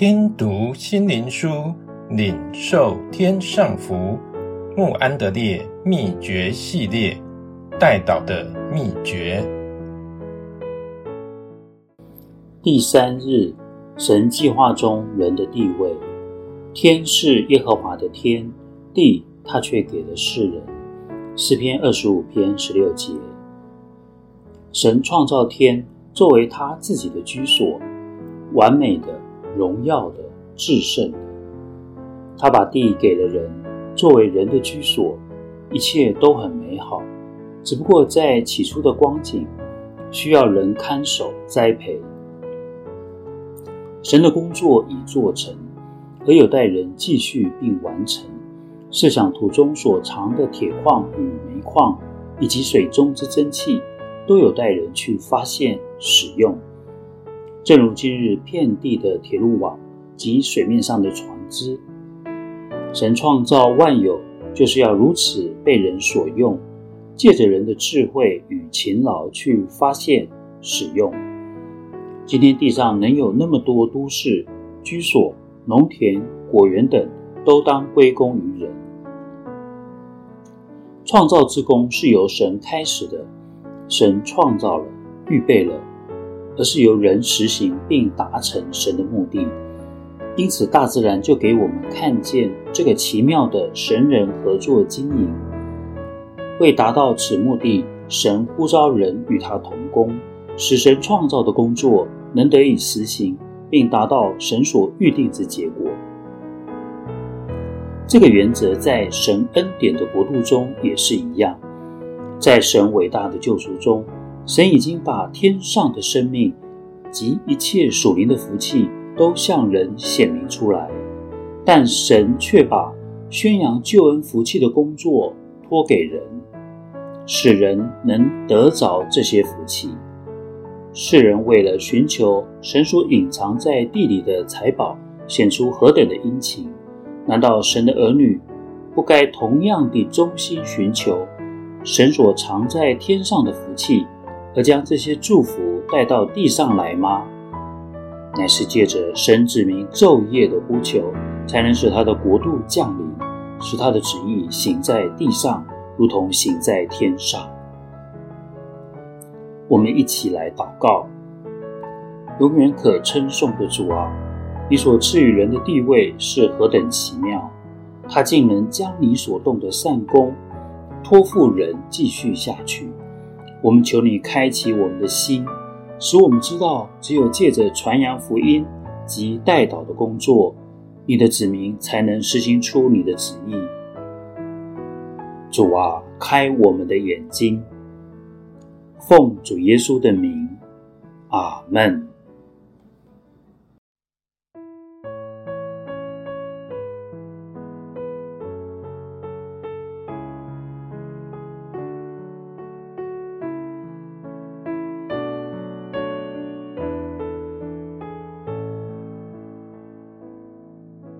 聽讀心靈書，領受天上福。慕安德烈秘訣系列，代禱的秘訣。第三日，神計劃中人的地位。天是耶和華的天，地他卻給了世人。詩篇二十五篇十六節。神創造天作為他自己的居所，完美的。榮耀的、至聖的，他把地給了人，作為人的居所，一切都很美好。只不過在起初的光景，需要人看守、栽培。神的工作已做成，而有待人繼續並完成。設想土中所藏的鐵礦與煤礦，以及水中之蒸汽，都有待人去發現、使用。正如今日遍地的鐵路網及水面上的船隻，神創造萬有就是要如此被人所用，借着人的智慧與勤勞去發現、使用。今天地上能有那麼多都市、居所、農田、果園等，都當歸功於人。創造之工是由神開始的，神創造了，預備了。而是由人實行並達成神的目的，因此大自然就給我們看見這個奇妙的神人合作經營。為達到此目的，神呼召人與他同工，使神創造的工作能得以實行，並達到神所預定之結果。這個原則在神恩典的國度中也是一樣，在神偉大的救贖中。神已經把天上的生命及一切屬靈的福氣都向人顯明出來，但神卻把宣揚救恩福氣的工作託給人，使人能得着這些福氣。世人為了尋求神所隱藏在地裡的財寶，顯出何等的殷勤！難道神的兒女不該同樣地忠心尋求神所藏在天上的福氣，而將這些祝福帶到地上來嗎？乃是借着神子民晝夜的呼求，才能使他的國度降臨，使他的旨意行在地上，如同行在天上。我們一起來禱告：永遠可稱頌的主啊，你所賜予人的地位是何等奇妙！他竟能將你所動的善工託付人繼續下去。我們求你開啟我們的心，使我們知道，只有借着傳揚福音及代禱的工作，你的子民才能實行出你的旨意。主啊，開我們的眼睛，奉主耶穌的名，阿門。